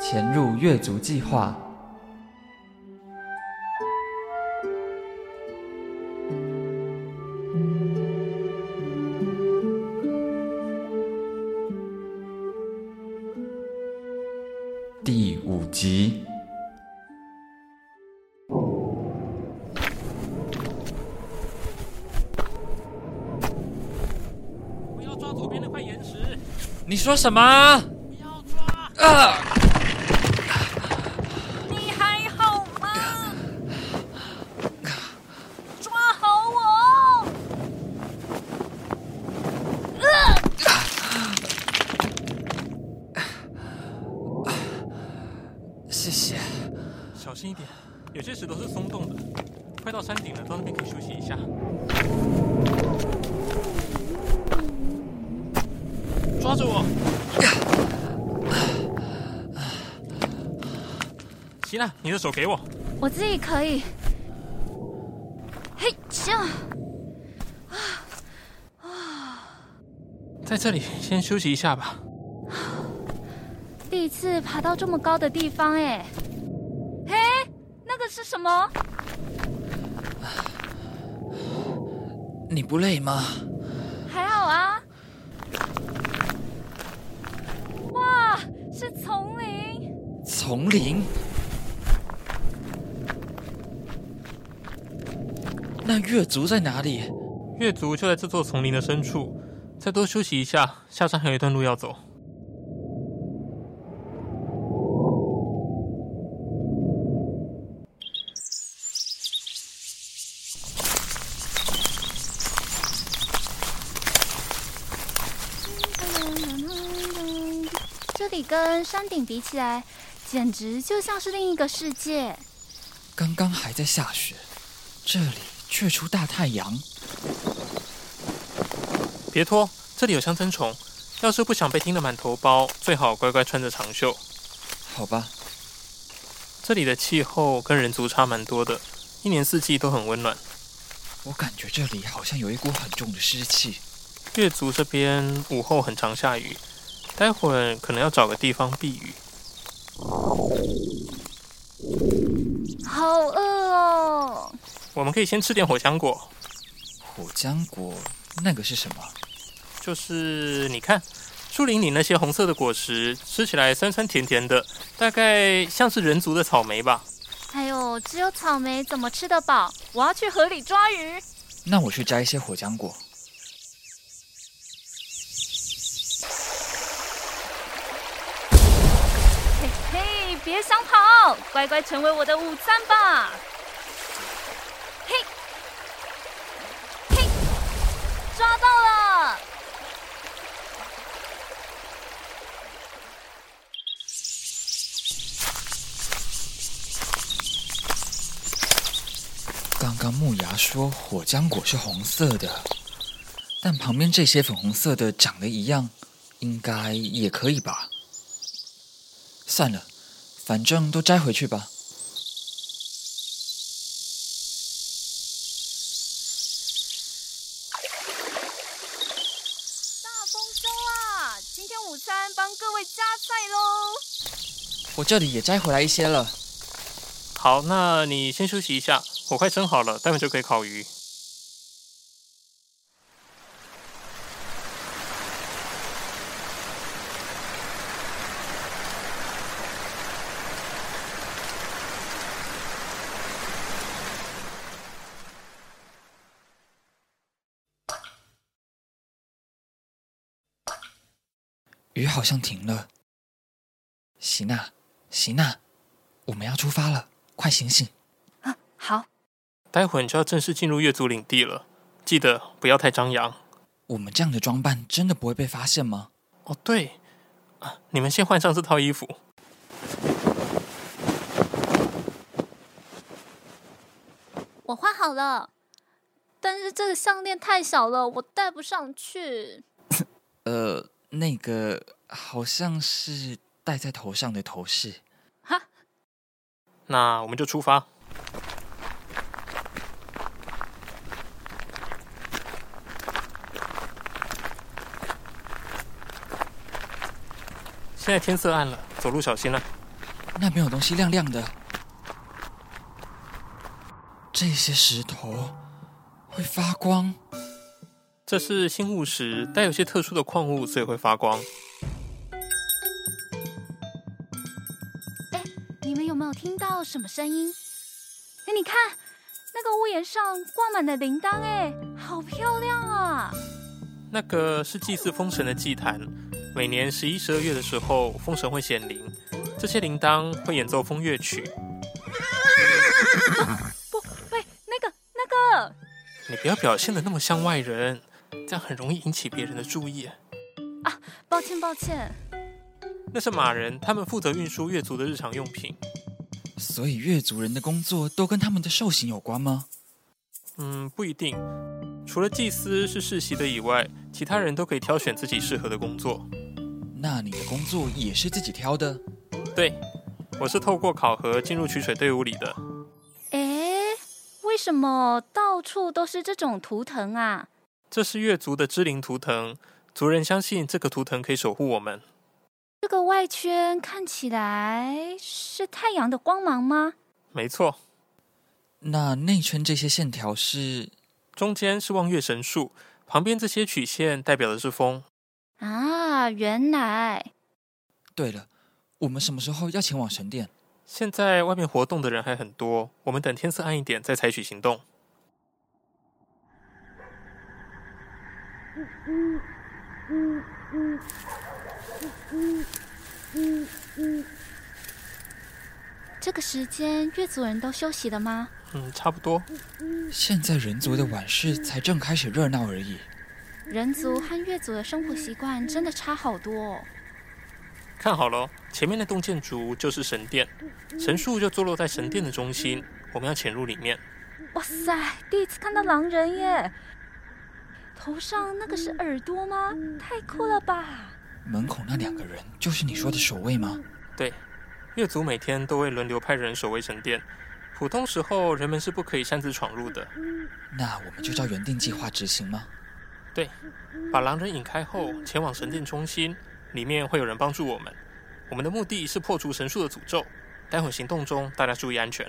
潛入月族計劃第五集。不要抓左邊那塊岩石！你說什麼？不要抓！啊！小心一點，有些石頭是鬆動的。快到山頂了，到那邊可以休息一下。抓住我！行了、啊，你的手給我。我自己可以。嘿，這啊啊！dooenda uh, 在這裡先休息一下吧。emails 第一次爬到這麼高的地方、欸，哎。是什麼？你不累嗎？還好啊。哇，是叢林。叢林？那月族在哪裡？月族就在這座叢林的深處。再多休息一下，下山還有一段路要走。這裡跟山頂比起來，簡直就像是另一個世界。剛剛還在下雪，這裡卻出大太陽。別脫，這裡有香蒸蟲，要是不想被叮得滿頭包，最好乖乖穿着長袖。好吧。這裡的氣候跟人族差蠻多的，一年四季都很溫暖。我感覺這裡好像有一股很重的濕氣。月族這邊午後很常下雨。待會兒可能要找個地方避雨。好餓哦！我們可以先吃點火漿果。火漿果？那個是什麼？就是你看，樹林裡那些紅色的果實，吃起來酸酸甜甜的，大概像是人族的草莓吧。哎呦，只有草莓怎麼吃得飽？我要去河裡抓魚。那我去摘一些火漿果。別想跑，乖乖成為我的午餐吧！嘿，嘿，抓到了！剛剛木牙說火漿果是紅色的，但旁邊這些粉紅色的長得一樣，應該也可以吧？算了。反正都摘回去吧。大豐收啊！今天午餐幫各位加菜嘍。我這裡也摘回來一些了。好，那你先休息一下，火快生好了，待會就可以烤魚。雨好像停了。席娜，席娜，我們要出發了，快醒醒！啊，好。待會你就要正式進入月族領地了，記得不要太張揚。我們這樣的裝扮真的不會被發現嗎？哦，對。你們先換上這套衣服。我換好了，但是這個項鏈太小了，我戴不上去。 呃。那個好像是戴在頭上的頭飾，哈。那我們就出發。現在天色暗了，走路小心了。那邊有東西亮亮的，這些石頭會發光。這是新物石，帶有些特殊的礦物，所以會發光。哎，你們有沒有聽到什麼聲音？哎，你看，那個屋檐上掛滿的鈴鐺，哎，好漂亮啊！那個是祭祀風神的祭壇，每年十一、十二月的時候，風神會顯靈，這些鈴鐺會演奏風樂曲。啊、不，喂，那個、那個，你不要表現得那麼像外人。這樣很容易引起別人的注意啊！啊，抱歉，抱歉。那是馬人，他們負責運輸月族的日常用品。所以月族人的工作都跟他們的獸形有關嗎？嗯，不一定。除了祭司是世襲的以外，其他人都可以挑選自己適合的工作。那你的工作也是自己挑的？對，我是透過考核進入取水隊伍裡的。哎、欸，為什麼到處都是這種圖騰啊？這是月族的之靈圖騰，族人相信這個圖騰可以守護我們。這個外圈看起來是太陽的光芒嗎？沒錯。那內圈這些線條是？中間是望月神樹，旁邊這些曲線代表的是風。啊，原來。對了，我們什麼時候要前往神殿？現在外面活動的人還很多，我們等天色暗一點再採取行動。這個時間，月族人都休息了嗎？嗯，差不多。現在人族的晚市才正開始熱鬧而已。人族和月族的生活習慣真的差好多哦。看好了，前面那棟建築就是神殿，神樹就坐落在神殿的中心，我們要潛入裡面。哇哦塞，第一次看到狼人耶！頭上那個是耳朵嗎？太酷了吧！門口那兩個人就是你說的守衛嗎？對，月族每天都會輪流派人守衛神殿，普通時候人們是不可以擅自闖入的。那我們就照原定計劃執行嗎？對，把狼人引開後，前往神殿中心，裡面會有人幫助我們。我們的目的是破除神樹的詛咒，待會行動中大家注意安全。